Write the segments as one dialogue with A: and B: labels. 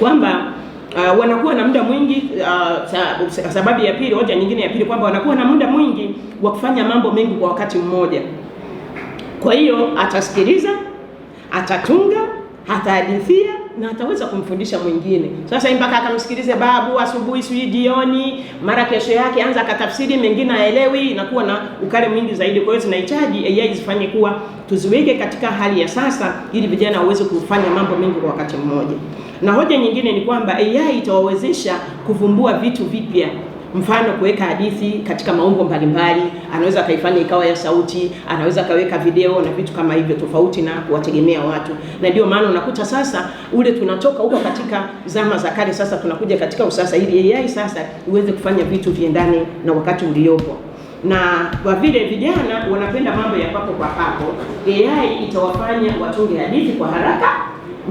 A: kwamba uh, wanakuwa na muda mwingi uh, sababu ya pili, hoja nyingine ya pili kwamba wanakuwa na muda mwingi wa kufanya mambo mengi kwa wakati mmoja. Kwa hiyo atasikiliza, atatunga, atahadithia na ataweza kumfundisha mwingine. Sasa mpaka akamsikilize babu asubuhi, sijui jioni, mara kesho yake anza akatafsiri, mengine haelewi, inakuwa na ukale mwingi zaidi. Kwa hiyo tunahitaji AI zifanye kuwa tuziweke katika hali ya sasa, ili vijana waweze kufanya mambo mengi kwa wakati mmoja. Na hoja nyingine ni kwamba AI itawawezesha kuvumbua vitu vipya Mfano, kuweka hadithi katika maumbo mbalimbali, anaweza akaifanya ikawa ya sauti, anaweza akaweka video na vitu kama hivyo, tofauti na kuwategemea watu. Na ndio maana unakuta sasa ule tunatoka huko katika zama za kale, sasa tunakuja katika usasa, ili AI sasa uweze kufanya vitu viendane na wakati uliopo na kwa vile vijana wanapenda mambo ya papo kwa papo, AI itawafanya watunge hadithi kwa haraka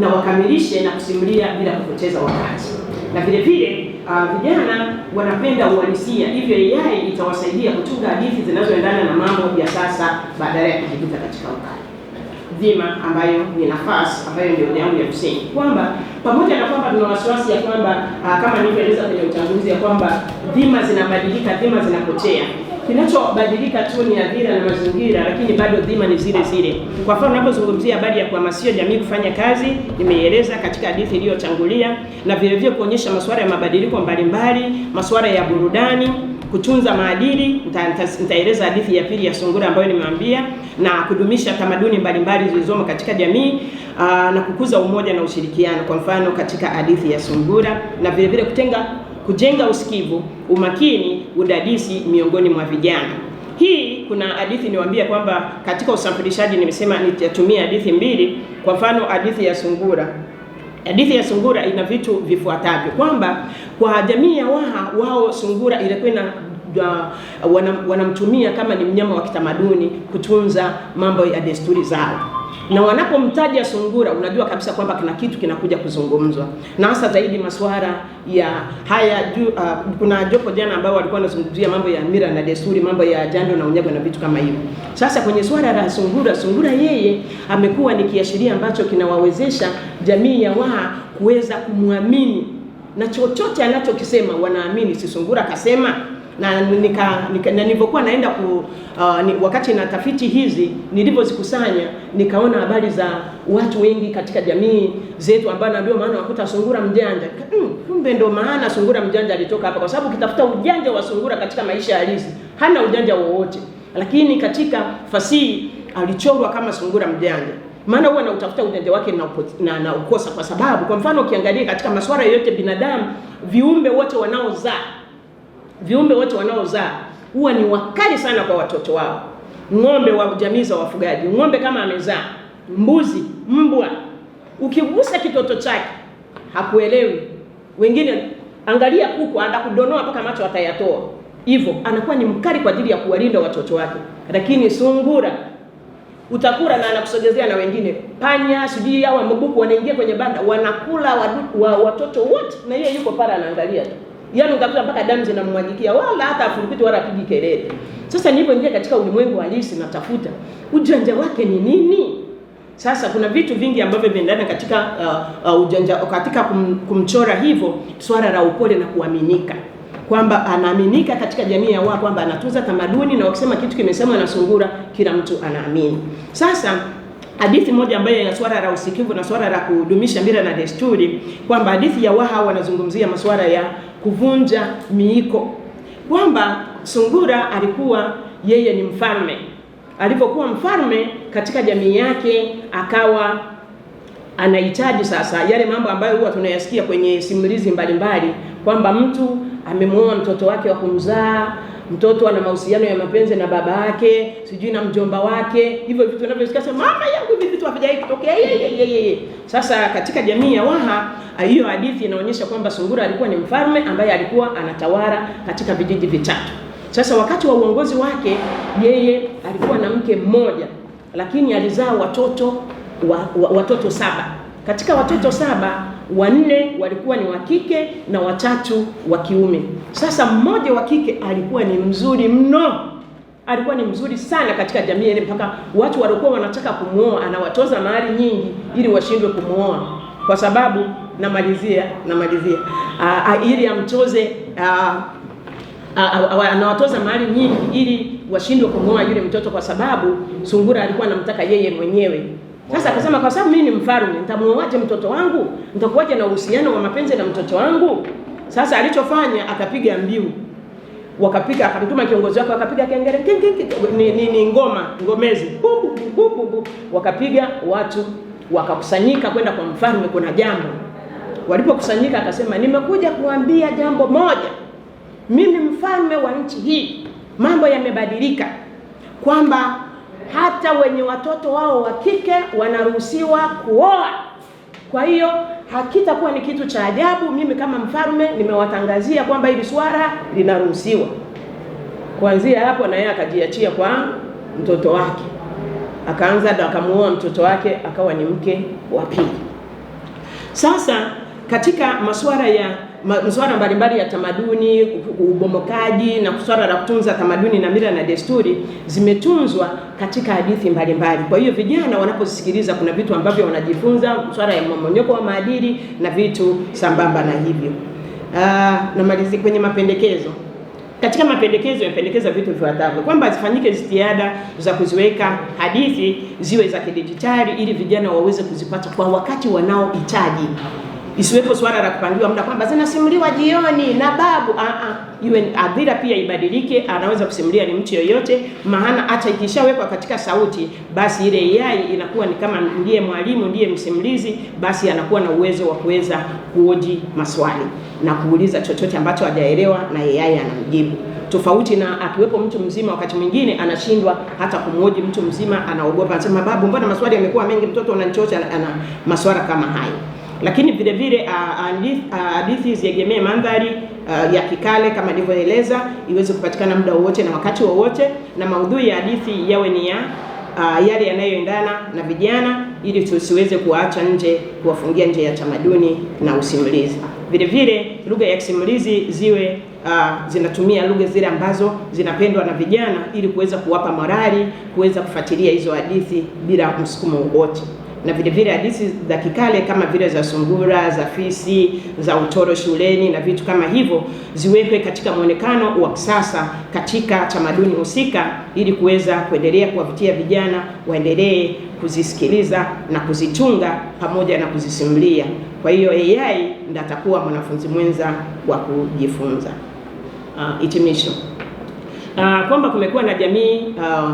A: na wakamilishe na kusimulia bila kupoteza wakati, na vile vile uh, vijana wanapenda uhalisia, hivyo AI itawasaidia kutunga hadithi zinazoendana na mambo ya sasa badala ya kujikuta katika ukali dhima ambayo ni nafasi ambayo ndio yangu ya msingi, kwamba pamoja na kwamba tuna wasiwasi ya kwamba uh, kama nilivyoeleza kwenye utangulizi ya kwamba dhima zinabadilika, dhima zinapotea kinachobadilika tu ni hadhira na mazingira, lakini bado dhima ni zile zile. Kwa mfano, unapozungumzia habari ya kuhamasisha jamii kufanya kazi, nimeieleza katika hadithi iliyotangulia, na vile vile kuonyesha masuala ya mabadiliko mbalimbali, masuala ya burudani kutunza maadili, nitaeleza hadithi ya pili ya sungura ambayo nimewambia, na kudumisha tamaduni mbalimbali zilizomo katika jamii aa, na kukuza umoja na ushirikiano, kwa mfano katika hadithi ya sungura, na vile vile kutenga kujenga usikivu, umakini, udadisi miongoni mwa vijana. Hii kuna hadithi niwaambia kwamba katika usafirishaji nimesema nitatumia hadithi mbili. Kwa mfano hadithi ya sungura. Hadithi ya sungura ina vitu vifuatavyo kwamba kwa jamii ya Waha wao sungura ilikuwa ina wanamtumia wana kama ni mnyama wa kitamaduni kutunza mambo ya desturi zao na wanapomtaja sungura unajua kabisa kwamba kuna kitu kinakuja kuzungumzwa, na hasa zaidi masuala ya haya juu. Uh, kuna jopo jana ambao walikuwa wanazungumzia mambo ya mira na desturi, mambo ya jando na unyago na vitu kama hivyo. Sasa kwenye swala la sungura, sungura yeye amekuwa ni kiashiria ambacho kinawawezesha jamii ya Waha kuweza kumwamini na chochote anachokisema wanaamini. Si sungura kasema na nika, nika, na nilipokuwa naenda ku, uh, ni, wakati na tafiti hizi nilivyozikusanya nikaona habari za watu wengi katika jamii zetu ambao naambiwa maana wakuta sungura mjanja. Mm, kumbe mm, ndio maana sungura mjanja alitoka hapa, kwa sababu ukitafuta ujanja wa sungura katika maisha halisi hana ujanja wowote, lakini katika fasihi alichorwa kama sungura mjanja maana huwa anautafuta ujanja wake na, na na ukosa, kwa sababu kwa mfano ukiangalia katika masuala yote binadamu, viumbe wote wanaozaa Viumbe wote wanaozaa huwa ni wakali sana kwa watoto wao. Ng'ombe wa jamii za wafugaji, ng'ombe kama amezaa, mbuzi, mbwa, ukigusa kitoto chake hakuelewi. Wengine angalia, kuku anakudonoa mpaka macho atayatoa. Hivyo anakuwa ni mkali kwa ajili ya kuwalinda watoto wake. Lakini sungura utakula na anakusogezea na wengine panya, sijui hawa mbuku wanaingia kwenye banda wanakula wa, wa, watoto wote, na yeye yuko pale anaangalia tu. Yaani utakuta mpaka damu zinamwagikia wala hata afurupiti wala apigi kelele. Sasa nilipoingia katika ulimwengu halisi natafuta ujanja wake ni nini? Sasa kuna vitu vingi ambavyo vinaendana katika uh, uh, ujanja katika kum, kumchora hivyo swala la upole na kuaminika kwamba anaaminika katika jamii ya wao kwamba anatunza tamaduni na wakisema kitu kimesemwa na sungura kila mtu anaamini. Sasa hadithi moja ambayo ina swala la usikivu na swala la kudumisha mila na desturi, kwamba hadithi ya Waha wanazungumzia masuala ya kuvunja miiko, kwamba sungura alikuwa yeye ni mfalme. Alipokuwa mfalme katika jamii yake, akawa anahitaji sasa yale mambo ambayo huwa tunayasikia kwenye simulizi mbalimbali, kwamba mtu amemwoa mtoto wake wa kumzaa mtoto ana mahusiano ya mapenzi na baba yake, sijui na mjomba wake, hivyo vitu vinavyosikia sema mama yangu hivi vitu havijai kutokea yeye yeye. Sasa katika jamii ya Waha hiyo hadithi inaonyesha kwamba Sungura alikuwa ni mfalme ambaye alikuwa anatawala katika vijiji vitatu. Sasa wakati wa uongozi wake yeye alikuwa na mke mmoja, lakini alizaa watoto wa, wa, watoto saba. Katika watoto saba wanne walikuwa ni wa kike na watatu wa kiume. Sasa mmoja wa kike alikuwa ni mzuri mno, alikuwa ni mzuri sana katika jamii ile, mpaka watu waliokuwa wanataka kumuoa anawatoza mahali nyingi ili washindwe kumuoa, kwa sababu namalizia, namalizia ah, ah, ili amtoze ah, anawatoza mali nyingi ili washindwe kumuoa yule mtoto, kwa sababu sungura alikuwa anamtaka yeye mwenyewe. Sasa akasema kwa sababu mimi ni mfalme, nitamuoaje mtoto wangu? Nitakuwaje na uhusiano wa mapenzi na mtoto wangu? Sasa alichofanya akapiga mbiu, wakapiga, akamtuma kiongozi wake, wakapiga kengele, ni, ni, ni ngoma ngomezi, bubu. wakapiga watu, wakakusanyika kwenda kwa mfalme, kuna jambo. Walipokusanyika akasema, nimekuja kuambia jambo moja, mimi mfalme wa nchi hii, mambo yamebadilika, kwamba hata wenye watoto wao wa kike wanaruhusiwa kuoa. Kwa hiyo hakitakuwa ni kitu cha ajabu, mimi kama mfalme nimewatangazia kwamba hili swala linaruhusiwa. Kuanzia hapo, na yeye akajiachia kwa mtoto wake, akaanza akamuoa mtoto wake, akawa ni mke wa pili. Sasa katika masuala ya masuala mbalimbali ya tamaduni, ubomokaji na swala la kutunza tamaduni na mila na desturi zimetunzwa katika hadithi mbalimbali. Kwa hiyo vijana wanaposikiliza, kuna vitu ambavyo wanajifunza, swala ya mmomonyoko wa maadili na vitu sambamba na hivyo. Uh, namalizi kwenye mapendekezo katika mapendekezo yapendekeza vitu vifuatavyo kwamba zifanyike jitihada za kuziweka hadithi ziwe za kidijitali ili vijana waweze kuzipata kwa wakati wanaohitaji isiwepo swala la kupangiwa muda kwamba zinasimuliwa jioni na babu. A ah, a, ah. iwe adhira pia ibadilike, anaweza kusimulia ni mtu yoyote, maana hata ikishawekwa katika sauti, basi ile yai inakuwa ni kama ndiye mwalimu, ndiye msimulizi, basi anakuwa na uwezo wa kuweza kuoji maswali na kuuliza chochote ambacho hajaelewa, na yai anamjibu tofauti na akiwepo mtu mzima, wakati mwingine anashindwa hata kumhoji mtu mzima, anaogopa, anasema babu, mbona maswali yamekuwa mengi, mtoto unanichosha, ana maswala kama hayo. Lakini vile vile ah, ah, ah, hadithi ziegemee mandhari uh, ya kikale kama nilivyoeleza, iweze kupatikana muda wowote na wakati wowote, na maudhui ya hadithi yawe ni ya uh, yale yanayoendana na vijana, ili tusiweze kuwaacha nje, kuwafungia nje ya tamaduni na usimulizi. Vile vile lugha ya kisimulizi ziwe Uh, zinatumia lugha zile ambazo zinapendwa na vijana ili kuweza kuwapa morali kuweza kufuatilia hizo hadithi bila msukumo wowote na vile vile hadithi za kikale kama vile za sungura, za fisi, za utoro shuleni na vitu kama hivyo ziwekwe katika mwonekano wa kisasa katika tamaduni husika, ili kuweza kuendelea kuwavutia vijana waendelee kuzisikiliza na kuzitunga pamoja na kuzisimulia. Kwa hiyo AI ndiyo atakuwa mwanafunzi mwenza wa kujifunza. Ah, hitimisho uh, uh, kwamba kumekuwa na jamii uh,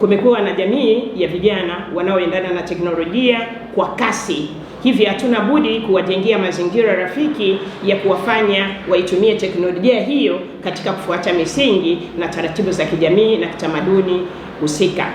A: kumekuwa na jamii ya vijana wanaoendana na teknolojia kwa kasi, hivyo hatuna budi kuwajengia mazingira rafiki ya kuwafanya waitumie teknolojia hiyo katika kufuata misingi na taratibu za kijamii na kitamaduni husika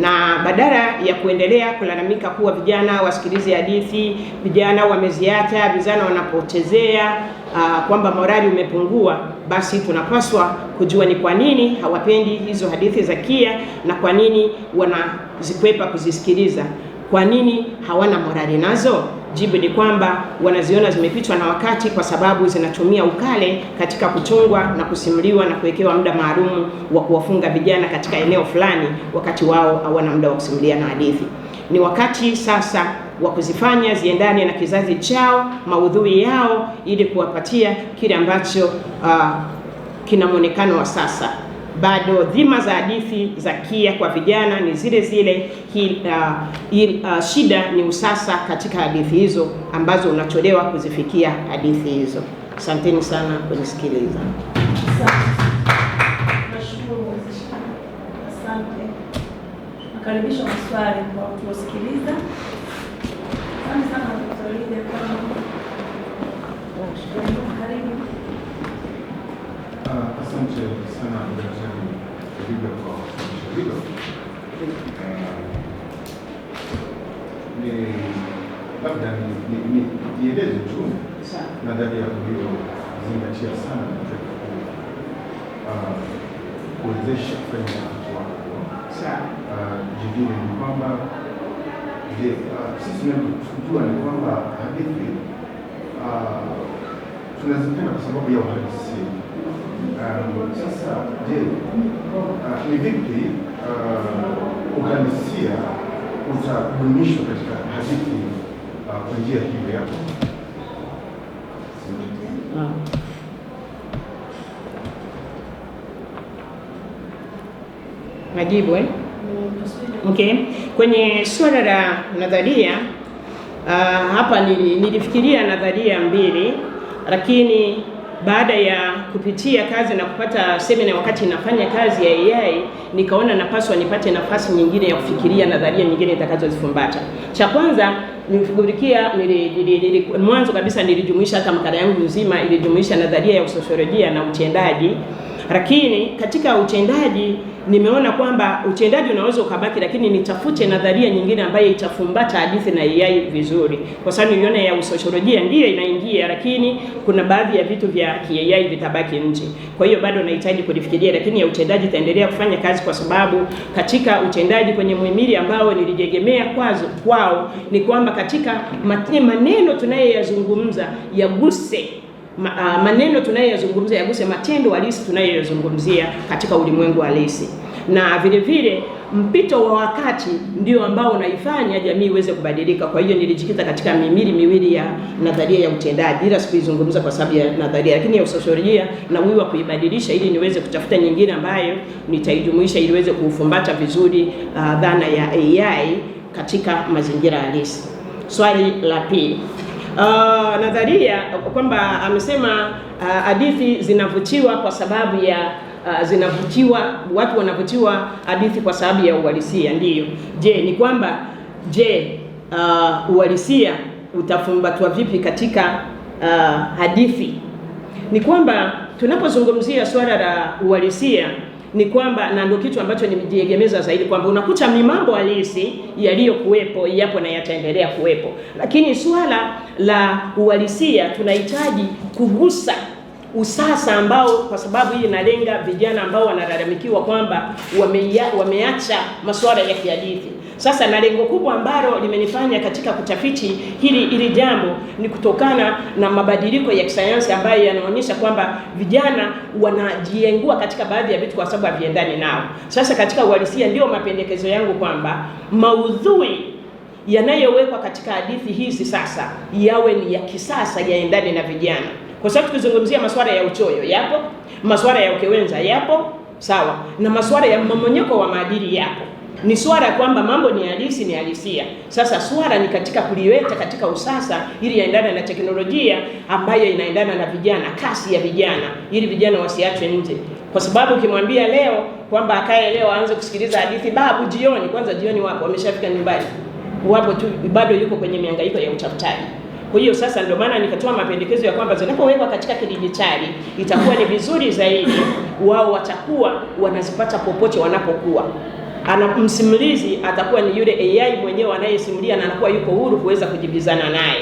A: na badala ya kuendelea kulalamika kuwa vijana wasikilize hadithi, vijana wameziacha, vijana wanapotezea, uh, kwamba morali umepungua, basi tunapaswa kujua ni kwa nini hawapendi hizo hadithi za Kia na kwa nini wanazikwepa kuzisikiliza. Kwa nini hawana morali nazo? Jibu ni kwamba wanaziona zimepitwa na wakati, kwa sababu zinatumia ukale katika kutungwa na kusimuliwa na kuwekewa muda maalum wa kuwafunga vijana katika eneo fulani, wakati wao hawana muda wa kusimulia na hadithi. Ni wakati sasa wa kuzifanya ziendane na kizazi chao, maudhui yao, ili kuwapatia kile ambacho uh, kina mwonekano wa sasa. Bado dhima za hadithi za Kia kwa vijana ni zile zile. Hi, uh, hi, uh, shida ni usasa katika hadithi hizo ambazo unacholewa kuzifikia hadithi hizo. Asanteni sana kunisikiliza.
B: Nakaribisha maswali kwa kusikiliza.
C: Asante sana Daktari ah, Kibiga ah, Labda nieleze tu, nadhani ya zingatia sana ah, kuwezesha kufanya watoto wako. Jingine ni kwamba Je, sisi tunajua ni kwamba hadithi ah, tunazipenda kwa sababu ya uhalisia. Ah, sasa je, ah, ni vipi uhalisia utadumishwa katika hadithi kwa njia hiyo yako?
A: Majibu eh? Okay. Kwenye suala la nadharia uh, hapa nilifikiria nadharia mbili lakini baada ya kupitia kazi na kupata semina wakati inafanya kazi ya AI nikaona napaswa nipate nafasi nyingine ya kufikiria nadharia nyingine itakazozifumbata. Cha kwanza nilifikiria, mwanzo kabisa nilijumuisha hata makala yangu nzima ilijumuisha nadharia ya usosiolojia na utendaji lakini katika utendaji nimeona kwamba utendaji unaweza ukabaki, lakini nitafute nadharia nyingine ambayo itafumbata hadithi na AI vizuri, kwa sababu niliona ya usosiolojia ndiyo inaingia, lakini kuna baadhi ya vitu vya AI vitabaki nje. Kwa hiyo bado nahitaji kulifikiria, lakini ya utendaji itaendelea kufanya kazi, kwa sababu katika utendaji kwenye muhimili ambao nilijegemea kwazo kwao ni kwamba katika maneno tunayoyazungumza yaguse ma, ah, maneno tunayoyazungumzia yaguse yaani matendo halisi tunayoyazungumzia katika ulimwengu halisi, na vile vile mpito wa wakati ndio ambao unaifanya jamii iweze kubadilika. Kwa hiyo nilijikita katika mimili miwili ya nadharia ya utendaji, ila sikuizungumza kwa sababu ya nadharia, lakini ya usosiolojia na wiwa kuibadilisha, ili niweze kutafuta nyingine ambayo nitaijumuisha ili iweze kufumbata vizuri uh, dhana ya AI katika mazingira halisi. Swali la pili uh, nadharia kwamba amesema ah, hadithi uh, zinavutiwa kwa sababu ya uh, zinavutiwa watu wanavutiwa hadithi kwa sababu ya uhalisia. Ndiyo. Je, ni kwamba je, uh, uhalisia utafumbatwa vipi katika uh, hadithi? Ni kwamba tunapozungumzia swala la uhalisia ni kwamba, na ndio kitu ambacho nimejiegemeza zaidi, kwamba unakuta mimambo halisi yaliyokuwepo yapo na yataendelea kuwepo, lakini suala la uhalisia tunahitaji kugusa usasa ambao kwa sababu hii inalenga vijana ambao wanalalamikiwa kwamba wameacha masuala ya kihadithi sasa na lengo kubwa ambalo limenifanya katika kutafiti hili hili jambo ni kutokana na mabadiliko ya kisayansi ambayo yanaonyesha kwamba vijana wanajiengua katika baadhi ya vitu kwa sababu haviendani nao. Sasa katika uhalisia, ndiyo mapendekezo yangu kwamba maudhui yanayowekwa katika hadithi hizi sasa yawe ni ya kisasa, yaendane na vijana, kwa sababu tukizungumzia masuala ya uchoyo yapo, masuala ya ukewenza yapo, sawa na masuala ya mmomonyoko wa maadili yapo ni swala kwamba mambo ni halisi, ni halisia. Sasa swala ni katika kuliweka katika usasa, ili yaendana na teknolojia ambayo inaendana na vijana, kasi ya vijana, ili vijana wasiachwe nje, kwa sababu ukimwambia leo kwamba akae leo aanze kusikiliza hadithi babu jioni, kwanza jioni wapo wameshafika nyumbani, wapo tu bado yuko kwenye mihangaiko ya utafutaji. Kwa hiyo sasa ndio maana nikatoa mapendekezo ya kwamba zinapowekwa katika kidijitali itakuwa ni vizuri zaidi, wao watakuwa wanazipata popote wanapokuwa ana msimulizi atakuwa ni yule AI mwenyewe anayesimulia na anakuwa yuko huru kuweza kujibizana naye.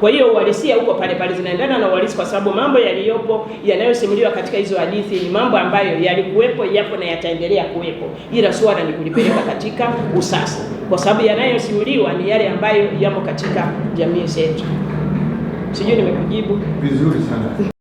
A: Kwa hiyo uhalisia huko pale pale zinaendana na uhalisia, kwa sababu mambo yaliyopo yanayosimuliwa katika hizo hadithi ni mambo ambayo yalikuwepo, yapo na yataendelea kuwepo, ila swala ni kulipeleka katika usasa, kwa sababu yanayosimuliwa ni yale ambayo yamo katika jamii zetu. Sijui nimekujibu
C: vizuri sana.